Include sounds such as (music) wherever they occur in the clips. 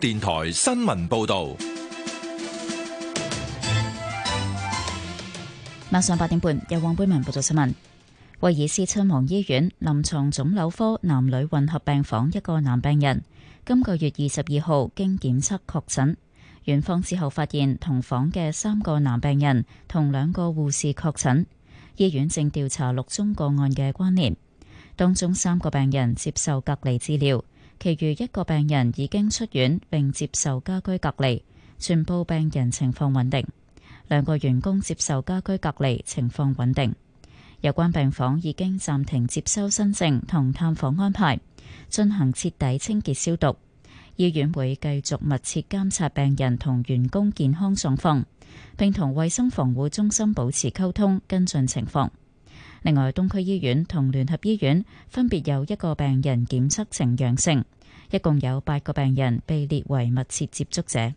電台新聞報道：晚上八點半，由黃貝文報道新聞。威爾斯親王醫院臨床腫瘤科男女混合病房，一個男病人今個月二十二號經檢測確診，院方之後發現同房嘅三個男病人同兩個護士確診，醫院正調查六宗個案嘅關聯，當中三個病人接受隔離治療。其餘一個病人已經出院，並接受家居隔離，全部病人情況穩定。兩個員工接受家居隔離，情況穩定。有關病房已經暫停接收新症同探訪安排，進行徹底清潔消毒。醫院會繼續密切監察病人同員工健康狀況，並同衛生防護中心保持溝通，跟進情況。另外，東區醫院同聯合醫院分別有一個病人檢測呈陽性。一共有八個病人被列為密切接觸者。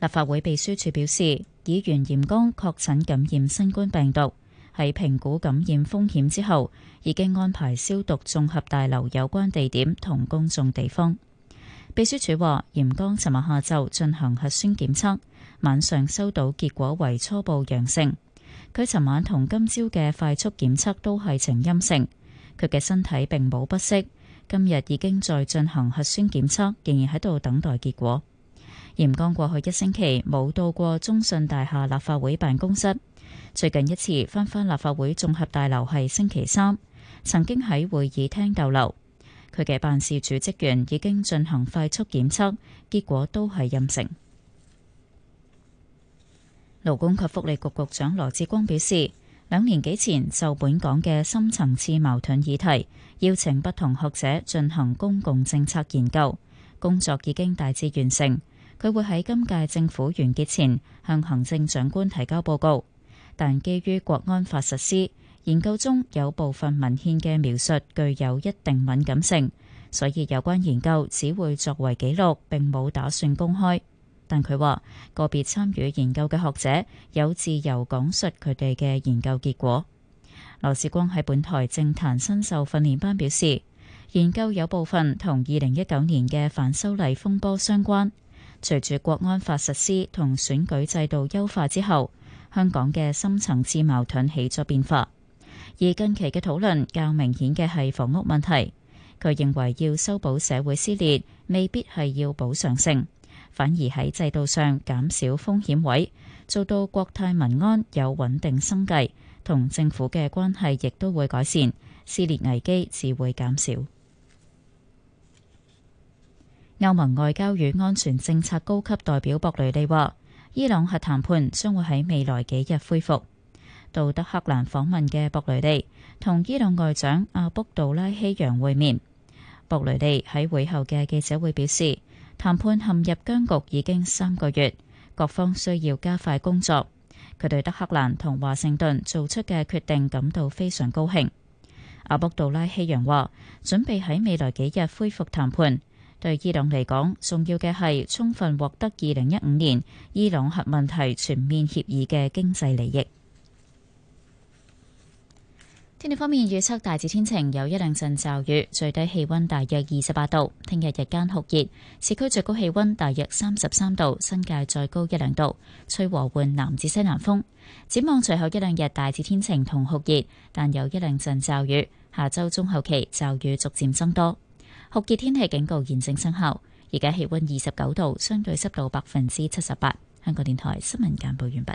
立法會秘書處表示，議員嚴剛確診感染新冠病毒，喺評估感染風險之後，已經安排消毒綜合大樓有關地點同公眾地方。秘書處話，嚴剛尋日下晝進行核酸檢測，晚上收到結果為初步陽性。佢尋晚同今朝嘅快速檢測都係呈陰性。佢嘅身體並冇不適，今日已經在進行核酸檢測，仍然喺度等待結果。嚴剛過去一星期冇到過中信大廈立法會辦公室，最近一次翻返立法會綜合大樓係星期三，曾經喺會議廳逗留。佢嘅辦事處職員已經進行快速檢測，結果都係陰性。勞工及福利局局長羅致光表示，兩年幾前就本港嘅深層次矛盾議題邀請不同學者進行公共政策研究，工作已經大致完成。佢會喺今屆政府完結前向行政長官提交報告，但基於國安法實施，研究中有部分文獻嘅描述具有一定敏感性，所以有關研究只會作為記錄，並冇打算公開。但佢話，個別參與研究嘅學者有自由講述佢哋嘅研究結果。羅志光喺本台政壇新秀訓練班表示，研究有部分同二零一九年嘅反修例風波相關。隨住國安法實施同選舉制度優化之後，香港嘅深層次矛盾起咗變化。而近期嘅討論較明顯嘅係房屋問題。佢認為要修補社會撕裂，未必係要補償性。反而喺制度上減少風險位，做到國泰民安，有穩定生計，同政府嘅關係亦都會改善，撕裂危機自會減少。歐盟外交與安全政策高級代表博雷利話，伊朗核談判將會喺未來幾日恢復。到德黑蘭訪問嘅博雷利同伊朗外長阿卜杜拉希揚會面。博雷利喺會後嘅記者會表示。談判陷入僵局已經三個月，各方需要加快工作。佢對德黑蘭同華盛頓做出嘅決定感到非常高興。阿卜杜拉希揚話，準備喺未來幾日恢復談判，對伊朗嚟講，重要嘅係充分獲得二零一五年伊朗核問題全面協議嘅經濟利益。天氣方面預測大致天晴，有一兩陣驟雨，最低氣溫大約二十八度。聽日日間酷熱，市區最高氣溫大約三十三度，新界再高一兩度，吹和緩南至西南風。展望隨後一兩日大致天晴同酷熱，但有一兩陣驟雨。下周中後期驟雨逐漸增多，酷熱天氣警告現正生效。而家氣溫二十九度，相對濕度百分之七十八。香港電台新聞簡報完畢。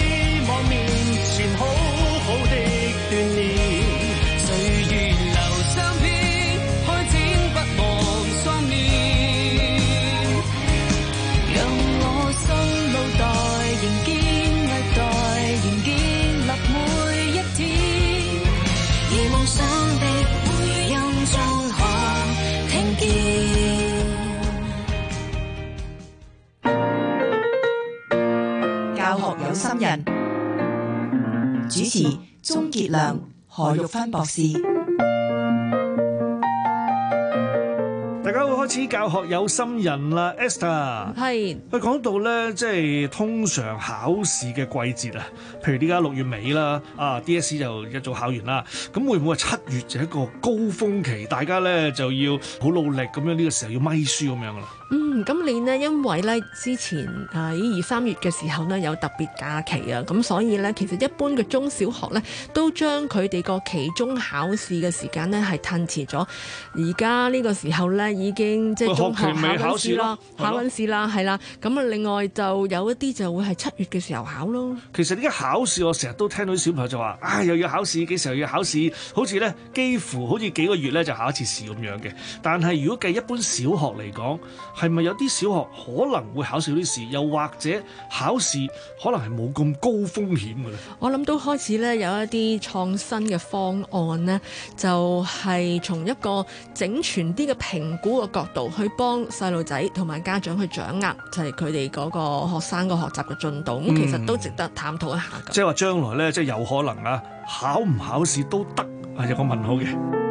主持鍾傑亮、何玉芬博士，大家好，開始教學有心人啦，Esther 係，佢講是到咧，即係通常考試嘅季節啊，譬如呢家六月尾啦，啊，D S C 就一早考完啦，咁會唔會七月就一個高峰期，大家咧就要好努力咁樣呢個時候要咪書咁樣噶啦？嗯，咁你呢？因為呢之前喺二三月嘅時候呢，有特別假期啊，咁所以呢，其實一般嘅中小學呢，都將佢哋個期中考試嘅時間呢係褪遲咗。而家呢個時候呢，已經即係中學考緊試啦，考緊試啦，係啦。咁啊的，另外就有一啲就會係七月嘅時候考咯。其實而家考試，我成日都聽到啲小朋友就話，唉、哎，又要考試，幾時又要考試？好似呢，幾乎好似幾個月呢就考一次試咁樣嘅。但係如果計一般小學嚟講，係咪有啲小學可能會考試啲事，又或者考試可能係冇咁高風險嘅咧？我諗都開始咧有一啲創新嘅方案咧，就係、是，從一個整全啲嘅評估嘅角度去幫細路仔同埋家長去掌握就係佢哋嗰個學生個學習嘅進度，咁、嗯、其實都值得探討一下㗎。即係話將來咧，即係有可能啊，考唔考試都得係一個問號嘅。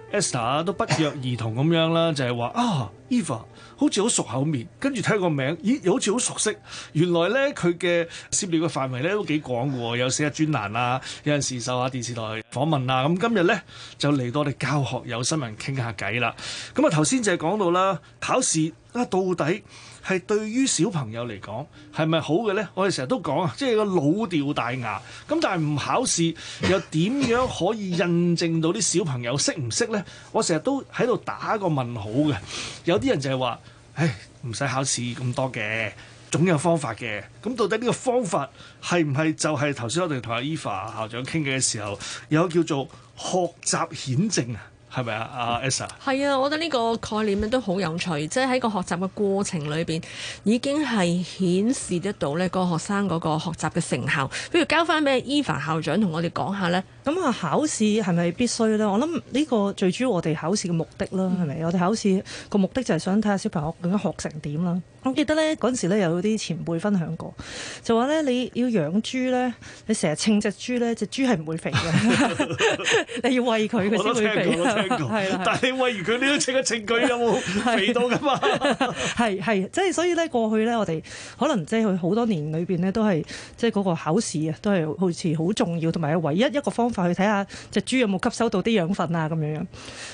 Esther 都不約而同咁樣啦，就係話啊，Eva 好似好熟口面，跟住聽個名，咦又好似好熟悉，原來咧佢嘅涉獵嘅範圍咧都幾廣喎，有寫專欄啦，有陣時受下電視台訪問啦，咁今日咧就嚟到我哋教學有心人傾下偈啦。咁啊頭先就係講到啦，考試啊到底，係對於小朋友嚟講係咪好嘅呢？我哋成日都講啊，即係個老掉大牙咁，但係唔考試又點樣可以印證到啲小朋友識唔識呢？我成日都喺度打個問號嘅。有啲人就係話：唉，唔使考試咁多嘅，總有方法嘅。咁到底呢個方法係唔係就係頭先我哋同阿 Eva 校長傾偈嘅時候有一個叫做學習顯證啊？係咪啊？阿 Elsa 係啊，我覺得呢個概念咧都好有趣，即係喺個學習嘅過程裏邊，已經係顯示得到呢個學生嗰個學習嘅成效。不如交翻俾 Eva 校長同我哋講下呢，咁啊、嗯，那考試係咪必須呢？我諗呢個最主要我哋考試嘅目的啦，係咪？嗯、我哋考試個目的就係想睇下小朋友究竟學成點啦。我記得咧，嗰陣時咧有啲前輩分享過，就話咧你要養豬咧，你成日稱隻豬咧，隻豬係唔會肥嘅， (laughs) (laughs) 你要餵佢佢先會肥。我聽過，我聽過。 (laughs) 但係你餵完佢，你都稱佢稱佢有冇肥到噶嘛？係係，即係所以咧，過去咧我哋可能即係佢好多年裏面咧都係即係嗰個考試啊，都係好似好重要同埋唯一一個方法去睇下隻豬有冇吸收到啲養分啊咁樣樣。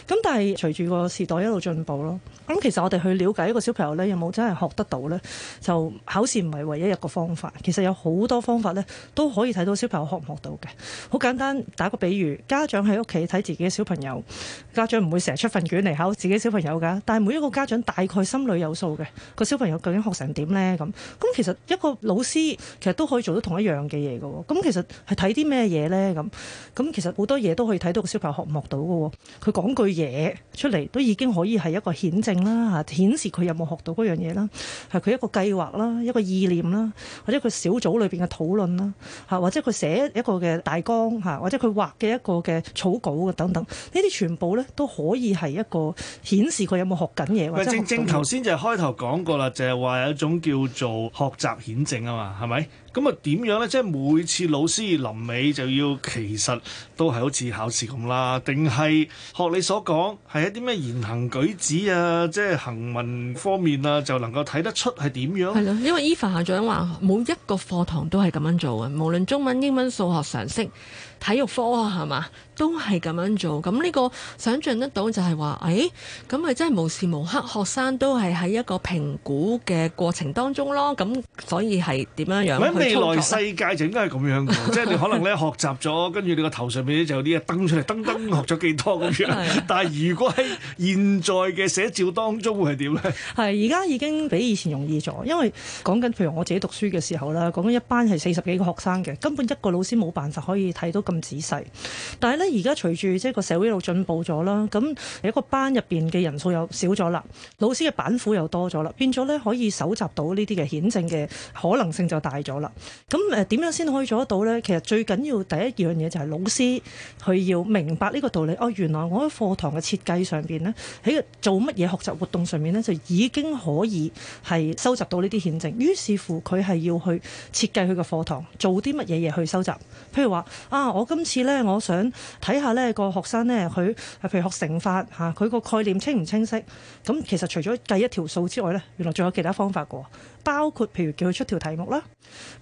咁但係隨住個時代一路進步咯。咁其實我哋去了解一個小朋友咧有冇真係學得到呢，就考試唔係唯一一個方法。其實有好多方法呢，都可以睇到小朋友學唔學到嘅。好簡單，打個比喻，家長喺屋企睇自己嘅小朋友，家長唔會成日出份卷嚟考考自己小朋友㗎。但係每一個家長大概心裏有數嘅，個小朋友究竟學成點呢？咁咁其實一個老師其實都可以做到同一樣嘅嘢嘅。咁其實係睇啲咩嘢呢？咁咁其實好多嘢都可以睇到個小朋友學唔學到嘅。佢講句嘢出嚟，都已經可以係一個顯證啦，顯示佢有冇學到嗰樣嘢啦。係佢一個計劃啦，一個意念啦，或者佢小組裏邊嘅討論啦，嚇或者佢寫一個嘅大綱嚇，或者佢畫嘅一個嘅草稿嘅等等，呢啲全部咧都可以係一個顯示佢有冇學緊嘢。唔係，正正頭先就係開頭講過啦，就係話有一種叫做學習顯證啊嘛，係咪？咁啊，點樣呢？即係每次老師臨尾就要，其實都係好似考試咁啦。定係學你所講，係一啲咩言行舉止啊？即係行文方面啊，就能夠睇得出係點樣？係咯，因為 Eva 校長話，每一個課堂都係咁樣做嘅，無論中文、英文、數學、常識、體育科啊，係嘛？都係咁樣做，咁呢個想像得到就係話，誒、哎，咁咪真係無時無刻學生都係喺一個評估嘅過程當中咯，咁所以係點樣樣？未來世界就應該係咁樣，樣 (laughs) 即係你可能咧學習咗，跟住你個頭上面就有啲嘢燈出嚟，燈燈學咗幾多咁樣。 (laughs) 的但係如果喺現在嘅寫照當中會係點呢？係而家已經比以前容易咗，因為講緊譬如我自己讀書嘅時候啦，講緊一班係四十幾個學生嘅，根本一個老師冇辦法可以睇到咁仔細，但係咧。而家隨住即係個社會一路進步咗啦，咁一個班入邊嘅人數又少咗啦，老師嘅板斧又多咗啦，變咗咧可以搜集到呢啲嘅顯證嘅可能性就大咗啦。咁誒點樣先可以做得到呢？其實最緊要第一樣嘢就係老師佢要明白呢個道理。哦、啊，原來我喺課堂嘅設計上邊呢，喺做乜嘢學習活動上面呢，就已經可以係收集到呢啲顯證。於是乎佢係要去設計佢嘅課堂，做啲乜嘢嘢去收集。譬如話啊，我今次呢，我想。睇下呢個學生呢，佢譬如學乘法吓，佢個概念清唔清晰？咁其實除咗計一條數之外呢，原來仲有其他方法噶，包括譬如叫佢出條題目啦，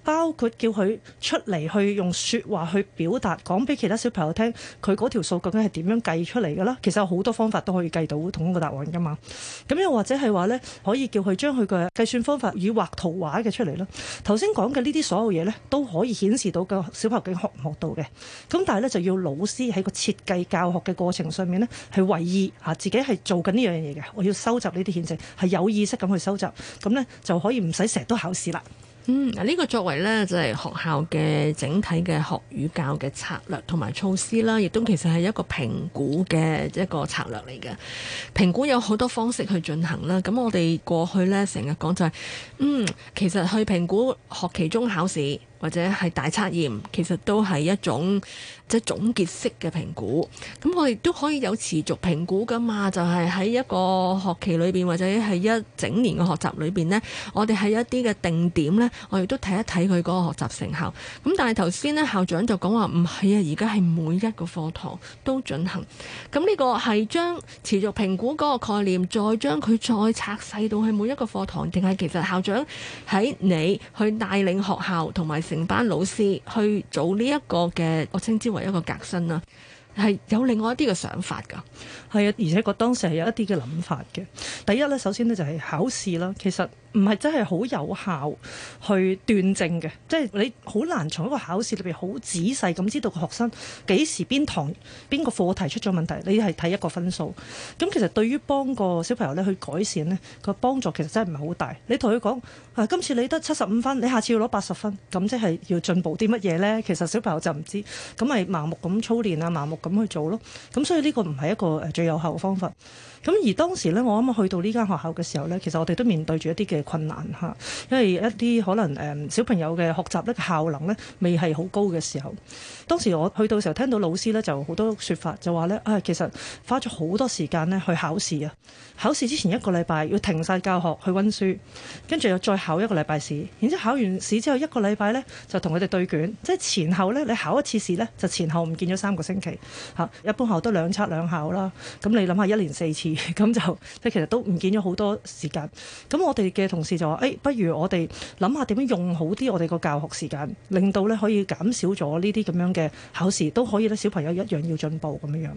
包括叫佢出嚟去用説話去表達，講俾其他小朋友聽佢嗰條數究竟係點樣計出嚟㗎啦。其實有好多方法都可以計到同一個答案㗎嘛。咁又或者係話呢，可以叫佢將佢嘅計算方法以畫圖畫嘅出嚟啦。頭先講嘅呢啲所有嘢呢，都可以顯示到個小朋友學唔學到嘅。咁但係呢，就要老師。喺個設計教學嘅過程上面呢，係有意啊，自己係做緊呢樣嘢嘅。我要收集呢啲顯證，係有意識咁去收集，咁呢就可以唔使成日都考試啦。嗯，嗱、啊、呢、這個作為呢，就係、是、學校嘅整體嘅學語教嘅策略同埋措施啦，亦都其實係一個評估嘅一個策略嚟嘅。評估有好多方式去進行啦。咁我哋過去呢，成日講就係、是，嗯，其實去評估學期中考試。或者係大測驗，其實都係一種即係總結式嘅評估。咁我亦都可以有持續評估噶嘛？就係喺一個學期裏邊或者係一整年嘅學習裏邊咧，我哋係一啲嘅定點咧，我亦都睇一睇佢個學習成效。咁但係頭先咧，校長就講話唔係啊，而家係每一個課堂都進行。咁呢個係將持續評估嗰個概念，再將佢再拆細到去每一個課堂，定係其實校長，喺你去帶領學校同埋班老師去做呢一個嘅，我稱之為一個革新啦，係有另外一啲嘅想法噶，係啊，而且我當時係有一啲嘅諗法嘅。第一呢，首先呢就係考試啦，其實。唔係真係好有效去斷正嘅，即係你好難從一個考試裏面好仔細咁知道個學生幾時邊堂邊個課題出咗問題，你係睇一個分數。咁其實對於幫個小朋友咧去改善呢個幫助其實真係唔係好大。你同佢講啊，今次你得七十五分，你下次要攞八十分，咁即係要進步啲乜嘢呢？其實小朋友就唔知，咁咪盲目咁操練啊，盲目咁去做咯。咁所以呢個唔係一個最有效嘅方法。咁而當時呢，我啱啱去到呢間學校嘅時候呢，其實我哋都面對住一啲嘅困難嚇，因為一啲可能誒、嗯、小朋友嘅學習咧效能咧未係好高嘅時候，當時我去到時候聽到老師呢就好多説法，就話呢：哎「啊其實花咗好多時間咧去考試啊，考試之前一個禮拜要停晒教學去温書，跟住又再考一個禮拜試，然之後考完試之後一個禮拜呢，就同佢哋對卷，即係前後呢，你考一次試呢，就前後唔見咗三個星期嚇、啊，一般學校都兩測兩考啦，咁你諗下一年四次咁就即其實都唔見咗好多時間，咁我哋嘅。同事就話：誒，不如我哋諗下點樣用好啲我哋個教學時間，令到咧可以減少咗呢啲咁樣嘅考試，都可以咧小朋友一樣要進步咁樣樣。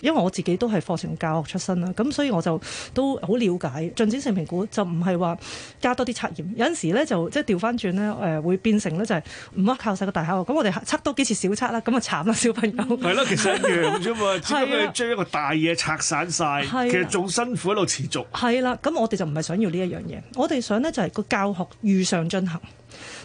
因為我自己都係課程教學出身啦，咁所以我就都好了解進展性評估就唔係話加多啲測驗，有陣時咧就即係調翻轉咧誒，會變成咧就係唔好靠晒個大考。咁我哋測多幾次小測啦，咁啊慘啦小朋友。係啦，其實一樣啫嘛，將 (laughs) 了一個大嘢拆散晒，了其實仲辛苦喺度持續。係啦，咁我哋就唔係想要呢一樣嘢，我哋。所以咧就係個教學如常進行。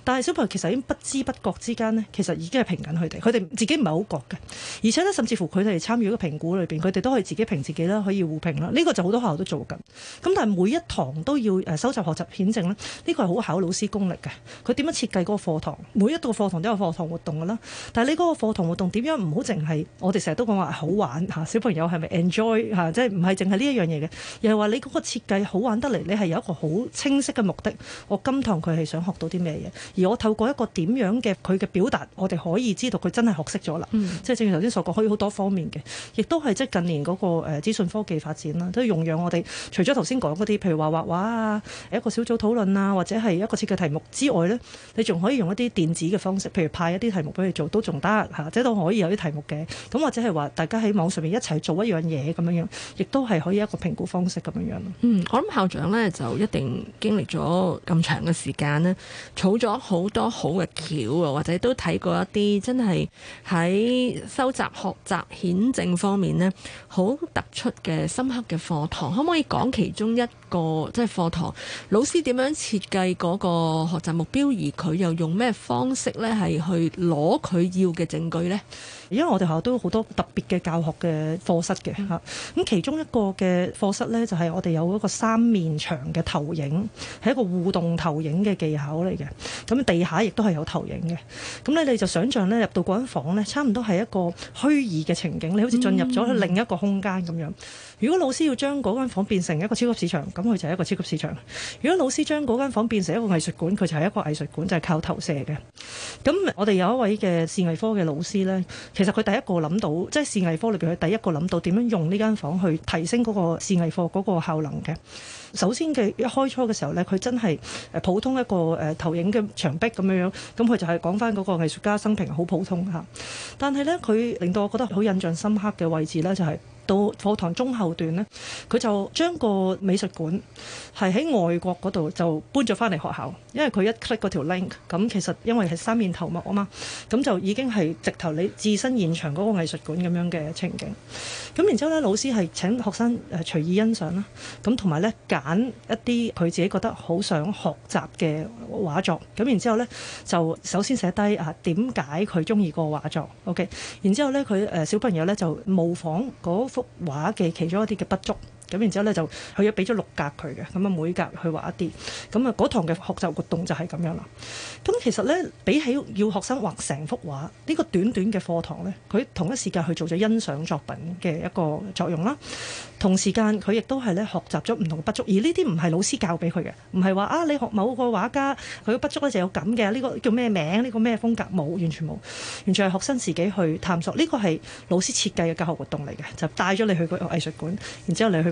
但係小朋友其實已經不知不覺之間呢，其實已經係評緊佢哋。佢哋自己唔係好覺嘅，而且呢，甚至乎佢哋參與一個評估裏面，佢哋都可以自己評自己啦，可以互評啦。呢、這個就好多學校都做緊。咁但係每一堂都要收集學習顯證咧，呢、這個係好考老師功力嘅。佢點樣設計嗰個課堂？每一個課堂都有課堂活動㗎啦。但係你嗰個課堂活動點樣唔好淨係我哋成日都講話好玩，小朋友係咪 enjoy？即係唔係淨係呢一樣嘢嘅？又係話你嗰個設計好玩得嚟，你係有一個好清晰嘅目的。我今堂佢係想學到啲咩嘢？而我透過一個點樣嘅佢嘅表達，我哋可以知道佢真係學識咗啦。即係、嗯、正如頭先所講，可以好多方面嘅，亦都係即係近年嗰個誒資訊科技發展啦，都用養我哋。除咗頭先講嗰啲，譬如話畫畫啊，一個小組討論啊，或者係一個設計題目之外呢，你仲可以用一啲電子嘅方式，譬如派一啲題目俾你做都仲得嚇，或者都可以有啲題目嘅。咁或者係話大家喺網上面一齊做一樣嘢咁樣樣，亦都係可以一個評估方式咁樣樣。嗯，我諗校長呢，就一定經歷咗咁長嘅時間呢。儲咗。好多好嘅橋啊，或者都睇過一啲真係，喺收集、學習顯證方面咧，好突出嘅深刻嘅課堂，可唔可以講其中一？個即係課堂老師點樣設計嗰個學習目標，而佢又用咩方式咧，係去攞佢要嘅證據咧？因為我哋學校都有好多特別嘅教學嘅課室嘅吓，咁、嗯、其中一個嘅課室咧就係、是、我哋有一個三面牆嘅投影，係一個互動投影嘅技巧嚟嘅。咁地下亦都係有投影嘅。咁你你就想象咧入到嗰間房咧，差唔多係一個虛擬嘅情景，你好似進入咗另一個空間咁樣，嗯、如果老師要將嗰間房變成一個超級市場。咁佢就係一個超級市場。如果老師將嗰間房變成一個藝術館，佢就係一個藝術館，就係靠投射嘅。咁我哋有一位嘅視藝科嘅老師呢，其實佢第一個諗到，即係視藝科裏邊佢第一個諗到點樣用呢間房去提升嗰個視藝課嗰個效能嘅。首先嘅一開初嘅時候呢，佢真係誒普通一個誒投影嘅牆壁咁樣樣，咁佢就係講翻嗰個藝術家生平，好普通嚇。但係呢，佢令到我覺得好印象深刻嘅位置呢，就係。到課堂中後段呢，佢就將個美術館係喺外國嗰度就搬咗翻嚟學校，因為佢一 click 嗰條 link，咁其實因為係三面投幕啊嘛，咁就已經係直頭你置身現場嗰個藝術館咁樣嘅情景。咁然之後咧，老師係請學生誒隨、呃、意欣賞啦，咁同埋咧揀一啲佢自己覺得好想學習嘅畫作，咁然之後咧就首先寫低啊點解佢中意個畫作，OK？然之後咧佢誒小朋友咧就模仿嗰。幅畫嘅其中一啲嘅不足。咁然之後呢，就佢俾咗六格佢嘅，咁啊每格去畫一啲，咁啊嗰堂嘅學習活動就係咁樣啦。咁其實呢，比起要學生畫成幅畫，呢個短短嘅課堂呢，佢同一時間去做咗欣賞作品嘅一個作用啦。同時間佢亦都係呢學習咗唔同嘅筆觸，而呢啲唔係老師教俾佢嘅，唔係話啊你學某個畫家佢嘅筆觸呢就有咁嘅，呢個叫咩名？呢個咩風格？冇，完全冇，完全係學生自己去探索。呢個係老師設計嘅教學活動嚟嘅，就帶咗你去個藝術館，然之後你去。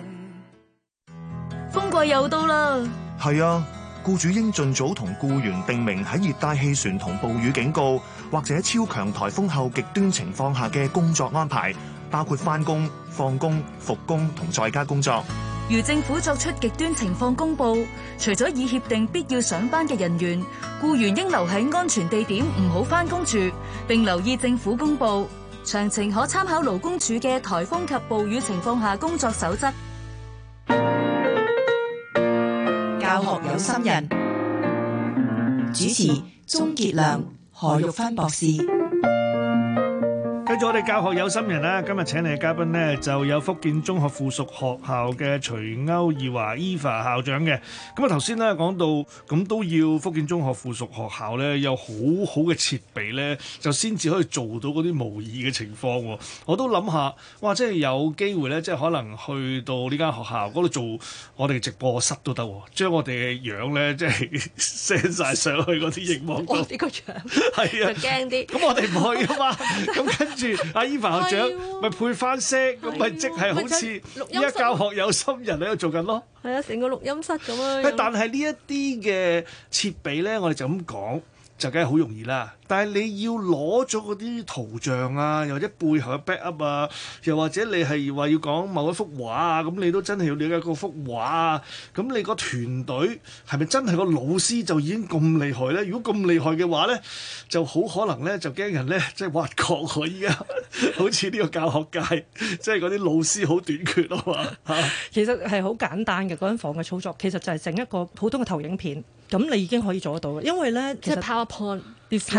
又到啦，係啊！僱主應盡早同僱員訂明喺熱帶氣旋同暴雨警告或者超強颱風後極端情況下嘅工作安排，包括翻工、放工、復工同在家工作。如政府作出極端情況公布，除咗已協定必要上班嘅人員，僱員應留喺安全地點，唔好翻工住，並留意政府公布。詳情可參考勞工處嘅颱風及暴雨情況下工作守則。教學有心人，主持鍾潔良、何玉芬博士。睇咗我哋教學有心人啦，今日請嚟嘅嘉賓咧，就有福建中學附屬學校嘅徐區懿華 Eva 校長嘅。咁啊頭先咧講到，咁都要福建中學附屬學校咧有好好嘅設備咧，就先至可以做到嗰啲模擬嘅情況，哦。我都諗下，哇，即係有機會咧，即係可能去到呢間學校嗰度做我哋直播室都得，哦，將我哋嘅樣咧即係 send 晒上去嗰啲熒幕度。呢個樣係啊，驚啲。咁我哋唔去啊嘛。咁 (laughs) 跟。阿依 (laughs) 凡校長咪配翻聲，咁咪即係好似錄音。一教學有心人喺度做緊咯。係啊，成個錄音室咁樣,樣是。但係呢一啲嘅設備咧，我哋就咁講。就梗係好容易啦，但係你要攞咗嗰啲圖像啊，又或者背後嘅 backup 啊，又或者你係話要講某一幅畫啊，咁你都真係要了解嗰幅畫啊。咁你個團隊係咪真係個老師就已經咁厲害咧？如果咁厲害嘅話咧，就好可能咧就驚人咧即係挖角佢依家， (laughs) (laughs) 好似呢個教學界，即係嗰啲老師好短缺啊嘛 (laughs) (laughs) 其實係好簡單嘅，嗰間房嘅操作，其實就係整一個普通嘅投影片。咁你已經可以做得到嘞，因為咧，即係 PowerPoint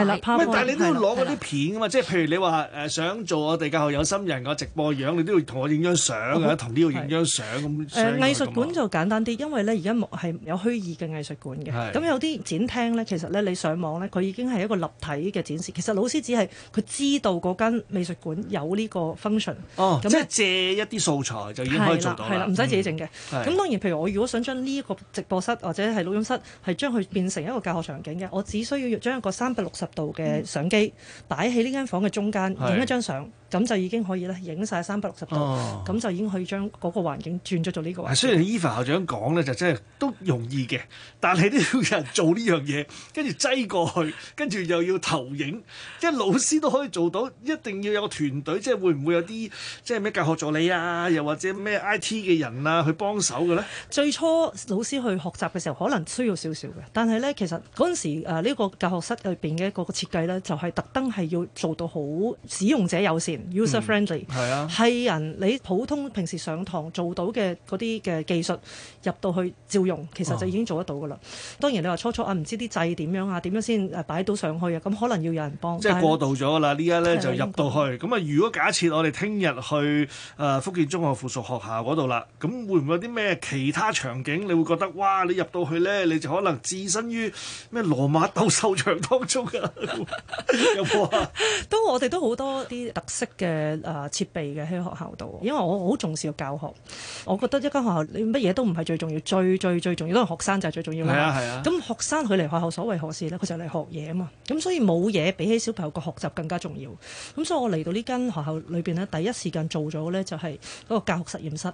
啦，但你都要攞嗰啲片噶嘛，即係譬如你話想做我地教學有心人個直播樣，你都要同我影張相同呢度影張相咁。誒，藝術館就簡單啲，因為咧而家係有虛擬嘅藝術館嘅，咁有啲展廳咧，其實咧你上網咧，佢已經係一個立體嘅展示。其實老師只係佢知道嗰間美術館有呢個 function。哦，即係借一啲素材就已經可以做到。係啦，唔使自己整嘅。咁當然，譬如我如果想將呢一個直播室或者係錄音室係將佢變成一個教學場景嘅，我只需要將一個三六十度嘅相機擺喺呢間房嘅中間，影一張相。咁就已經可以咧，影晒三百六十度。咁、哦、就已經可以將嗰個環境轉咗做呢個環境。雖然 Eva 校長講咧，就真係都容易嘅，但係都要有人做呢樣嘢，跟住擠過去，跟住又要投影，即係老師都可以做到。一定要有個團隊，即係會唔會有啲即係咩教學助理啊，又或者咩 IT 嘅人啊去幫手嘅咧？最初老師去學習嘅時候，可能需要少少嘅，但係咧，其實嗰陣時呢、啊呢個教學室裏面嘅一個設計咧，就係特登係要做到好使用者友善。user friendly 係、嗯、啊，係人你普通平時上堂做到嘅嗰啲嘅技術入到去照用，其實就已經做得到噶啦。哦、當然你話初初啊，唔知啲掣點樣啊，點樣先誒擺到上去啊，咁可能要有人幫，即係過渡咗啦，人呢家咧就入到去。咁啊、嗯，如果假設我哋聽日去誒、呃、福建中學附屬學校嗰度啦，咁會唔會有啲咩其他場景？你會覺得哇！你入到去咧，你就可能置身於咩羅馬鬥獸場當中啊？ (laughs) (laughs) 有冇啊？都我哋都好多啲特色。嘅誒、呃、設備嘅喺學校度，因為我好重視個教學，我覺得一間學校你乜嘢都唔係最重要，最最最重要都係學生就係最重要啦。係啊係啊，咁、啊、學生佢嚟學校所為何事咧？佢就嚟學嘢啊嘛，咁所以冇嘢比起小朋友個學習更加重要。咁所以我嚟到呢間學校裏邊呢，第一時間做咗呢就係嗰個教學實驗室。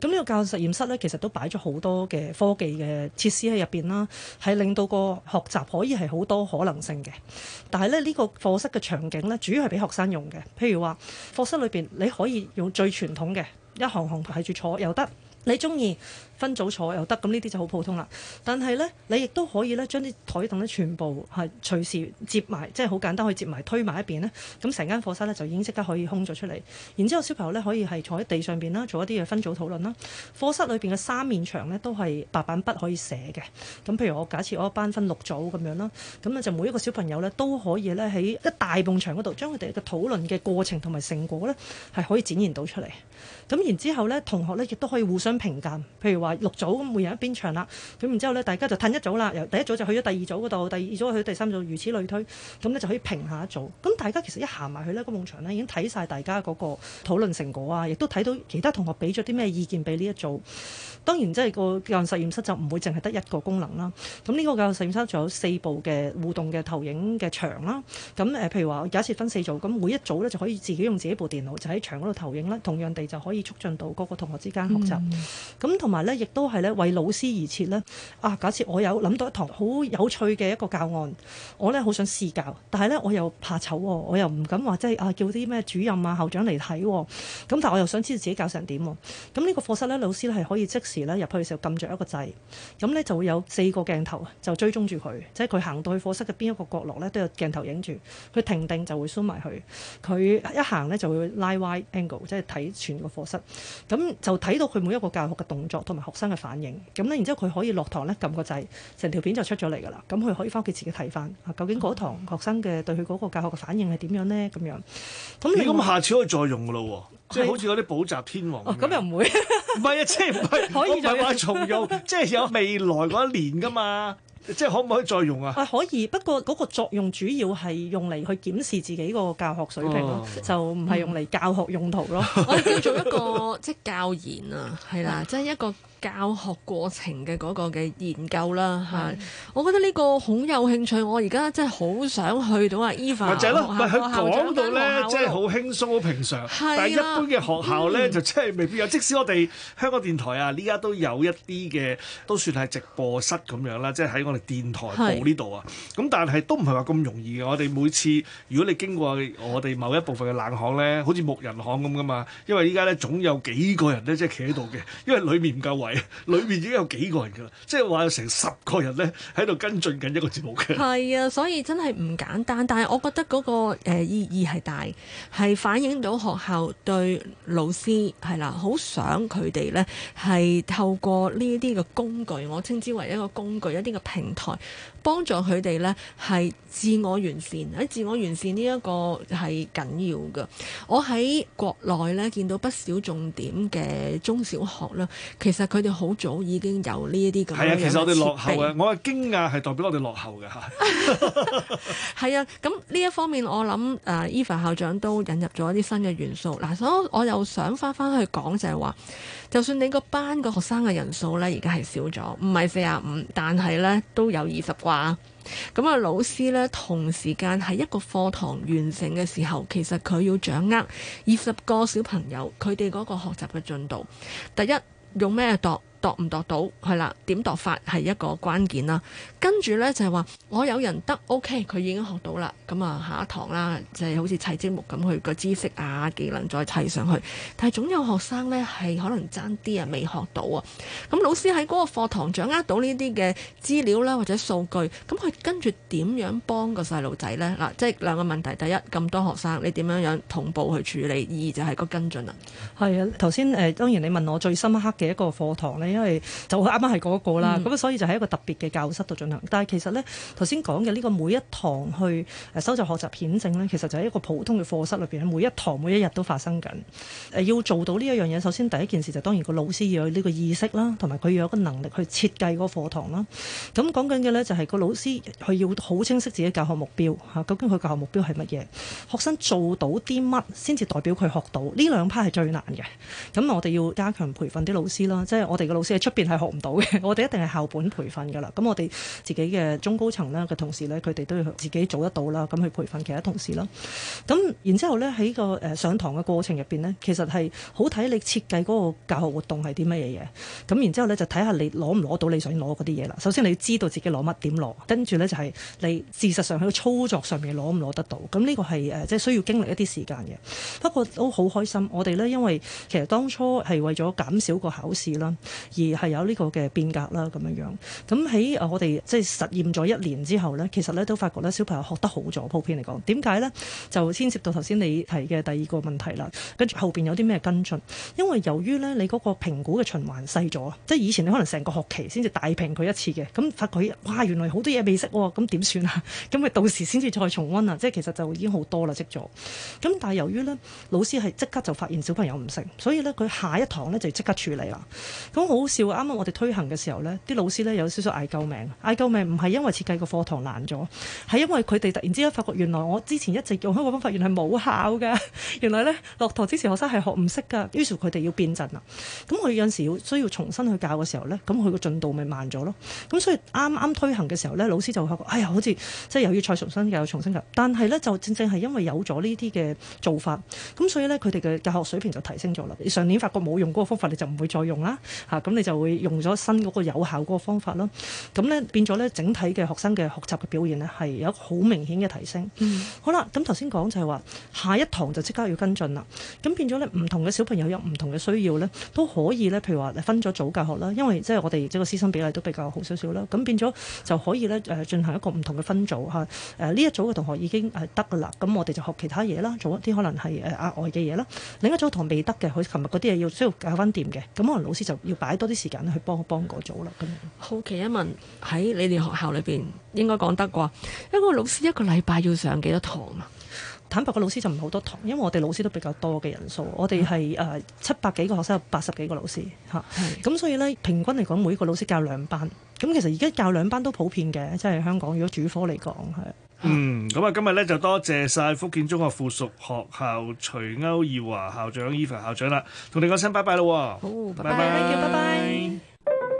咁呢個教學實驗室呢，其實都擺咗好多嘅科技嘅設施喺入邊啦，係令到個學習可以係好多可能性嘅。但係咧，呢、呢個課室嘅場景呢，主要係俾學生用嘅，譬如話，課室裏邊，你可以用最傳統嘅一行行排住坐又得，你中意。分組坐又得，咁呢啲就好普通啦。但係呢，你亦都可以呢將啲台凳呢全部係隨時接埋，即係好簡單可以接埋推埋一邊呢。咁成間課室呢，就已經即刻可以空咗出嚟。然之後小朋友呢，可以係坐喺地上邊啦，做一啲嘅分組討論啦。課室裏邊嘅三面牆呢，都係白板筆可以寫嘅。咁譬如我假設我一班分六組咁樣啦，咁就每一個小朋友呢，都可以呢喺一大埲牆嗰度將佢哋嘅討論嘅過程同埋成果呢，係可以展現到出嚟。咁然之後呢，同學呢，亦都可以互相評鑑，譬如話六組咁每人一邊牆啦，咁然之後呢，大家就褪一組啦。由第一組就去咗第二組嗰度，第二組去第三組，如此類推，咁呢就可以平下一組。咁大家其實一行埋去呢個夢牆呢，場已經睇晒大家嗰個討論成果啊，亦都睇到其他同學俾咗啲咩意見俾呢一組。當然，即係個教學實驗室就唔會淨係得一個功能啦。咁、這、呢個教學實驗室仲有四部嘅互動嘅投影嘅牆啦。咁誒，譬如話假設分四組，咁每一組呢就可以自己用自己部電腦就喺牆嗰度投影啦。同樣地，就可以促進到各個同學之間學習。咁同埋呢。亦都係咧為老師而設呢啊！假設我有諗到一堂好有趣嘅一個教案，我咧好想試教，但係咧我又怕醜、哦，我又唔敢話即啊叫啲咩主任啊校長嚟睇、哦，咁但係我又想知道自己教成點、哦。咁、嗯、呢、呢個課室咧，老師咧係可以即時咧入去嘅時候撳着一個掣，咁、嗯、咧就會有四個鏡頭就追蹤住佢，即係佢行到去課室嘅邊一個角落咧，都有鏡頭影住。佢停定就會 zoom 埋佢，佢一行咧就會拉 wide angle，即係睇全個課室。咁、嗯、就睇到佢每一個教學嘅動作同埋。學生嘅反應咁咧，然之後佢可以落堂咧撳個掣，成條片就出咗嚟噶啦。咁佢可以翻屋企自己睇翻，究竟嗰堂學生嘅對佢嗰個教學嘅反應係點樣咧？咁樣，咁你咁下次可以再用噶咯喎，即係好似嗰啲補習天王咁又唔會，唔係啊，即係唔係可以話重用，即係有未來嗰一年噶嘛，即係可唔可以再用啊？係可以，不過嗰個作用主要係用嚟去檢視自己個教學水平咯，就唔係用嚟教學用途咯。我哋叫做一個即係教研啊，係啦，即係一個。教學過程嘅嗰個嘅研究啦，係，是我覺得呢個好有興趣。我而家真係好想去到啊、e、Eva 學校、不學校長嗰度佢講到咧，真係好輕鬆、好平常。係啊，但係一般嘅學校咧，就真係未必有。嗯、即使我哋香港電台啊，呢家都有一啲嘅，都算係直播室咁樣啦，即係喺我哋電台部呢度啊。咁是但係都唔係話咁容易嘅。我哋每次如果你經過我哋某一部分嘅冷巷咧，好似木人巷咁㗎嘛，因為依家咧總有幾個人咧即係企喺度嘅， (laughs) 因為裡面唔夠。裏面已經有幾個人噶啦，即係話有成十個人呢喺度跟進緊一個節目嘅。係啊，所以真係唔簡單。但係我覺得嗰個誒意義係大，係反映到學校對老師係啦，好想佢哋呢係透過呢啲嘅工具，我稱之為一個工具，一啲嘅平台。幫助佢哋呢係自我完善，喺自我完善呢一個係緊要嘅。我喺國內呢見到不少重點嘅中小學啦，其實佢哋好早已經有呢一啲咁嘅設定。係啊，其實我哋落後嘅，我嘅驚訝係代表我哋落後嘅嚇。係 (laughs) (laughs) 啊，咁呢一方面我諗誒，Eva 校長都引入咗一啲新嘅元素嗱、啊，所以我又想翻翻去講就係話，就算你個班個學生嘅人數呢而家係少咗，唔係四十五，但係呢都有二十個。啊！咁啊、嗯，老師咧同時間喺一個課堂完成嘅時候，其實佢要掌握二十個小朋友佢哋嗰個學習嘅進度。第一，用咩度？度唔度到係啦？點度法係一個關鍵啦。跟住呢，就係話，我有人得 O.K.，佢已經學到啦。咁啊下一堂啦，就好似砌積木咁，佢個知識啊技能再砌上去。但係總有學生呢，係可能爭啲啊未學到啊。咁老師喺嗰個課堂掌握到呢啲嘅資料啦或者數據，咁佢跟住點樣幫個細路仔呢？嗱，即係兩個問題：第一，咁多學生你點樣樣同步去處理？二就係個跟進啦。係啊，頭先誒，當然你問我最深刻嘅一個課堂呢。因為就啱啱係嗰個啦，咁、嗯、所以就喺一個特別嘅教室度進行。但係其實呢，頭先講嘅呢個每一堂去收集學習顯證呢，其實就係一個普通嘅課室裏面，每一堂每一日都發生緊、呃。要做到呢一樣嘢，首先第一件事就係、當然個老師要有呢個意識啦，同埋佢要有個能力去設計個課堂啦。咁講緊嘅呢，就係、係、個老師佢要好清晰自己教學目標、啊、究竟佢教學目標係乜嘢？學生做到啲乜先至代表佢學到？呢兩派係最難嘅。咁我哋要加強培訓啲老師啦，即係我哋老師喺出邊係學唔到嘅，我哋一定係校本培訓㗎啦。咁我哋自己嘅中高層咧嘅同事咧，佢哋都要自己做得到啦。咁去培訓其他同事啦。咁然之後咧喺個誒上堂嘅過程入邊呢，其實係好睇你設計嗰個教學活動係啲乜嘢嘢。咁然之後咧就睇下你攞唔攞到你想攞嗰啲嘢啦。首先你要知道自己攞乜，點攞，跟住咧就係你事實上喺個操作上面攞唔攞得到。咁呢個係誒即係需要經歷一啲時間嘅。不過都好開心，我哋咧因為其實當初係為咗減少個考試啦。而係有呢個嘅變革啦，咁樣樣。咁喺我哋即係實驗咗一年之後呢，其實咧都發覺咧小朋友學得好咗，普遍嚟講。點解呢？就牽涉到頭先你提嘅第二個問題啦。跟住後面有啲咩跟進？因為由於呢你嗰個評估嘅循環細咗，即係以前你可能成個學期先至大評佢一次嘅，咁發覺哇，原來好多嘢未識，咁點算啊？咁咪、啊、到時先至再重溫啊！即係其實就已經好多啦，識咗。咁但係由於呢老師係即刻就發現小朋友唔識，所以呢佢下一堂呢就即刻處理啦。咁好笑，啱啱我哋推行嘅時候呢，啲老師呢，有少少嗌救命。嗌救命唔係因為設計個課堂難咗，係因為佢哋突然之間發覺原來我之前一直用開個方法原來冇效嘅，原來呢，落堂之前學生係學唔識㗎，於是佢哋要變陣啦。咁佢有陣時要需要重新去教嘅時候呢，咁佢個進度咪慢咗咯。咁所以啱啱推行嘅時候呢，老師就發覺哎呀，好似即係又要再重新教，又重新教。但係呢，就正正係因為有咗呢啲嘅做法，咁所以呢，佢哋嘅教學水平就提升咗啦。上年發覺冇用嗰個方法，你就唔會再用啦，嚇。咁你就會用咗新嗰個有效嗰個方法咯，咁咧變咗咧整體嘅學生嘅學習嘅表現呢，係有一個好明顯嘅提升。嗯、好啦，咁頭先講就係話下一堂就即刻要跟進啦，咁變咗咧唔同嘅小朋友有唔同嘅需要咧，都可以咧，譬如話分咗組教學啦，因為即係我哋即個師生比例都比較好少少啦，咁變咗就可以咧誒進行一個唔同嘅分組嚇呢、啊、一組嘅同學已經得㗎啦，咁我哋就學其他嘢啦，做一啲可能係誒額外嘅嘢啦。另一組同學未得嘅，佢琴日嗰啲嘢要需要搞翻掂嘅，咁可能老師就要擺。多啲時間去幫幫嗰組啦。咁好奇一問，喺你哋學校裏邊應該講得啩？一個老師一個禮拜要上幾多堂啊？坦白個老師就唔好多堂，因為我哋老師都比較多嘅人數。是的我哋係誒七百幾個學生，有八十幾個老師嚇。咁的所以呢，平均嚟講，每一個老師教兩班。咁其實而家教兩班都普遍嘅，即係香港如果主科嚟講係。嗯，咁啊，今日咧就多謝晒福建中學附屬學校徐區懿華校長 Eva 好校長啦，同你講聲拜拜咯，好，拜拜拜拜拜拜。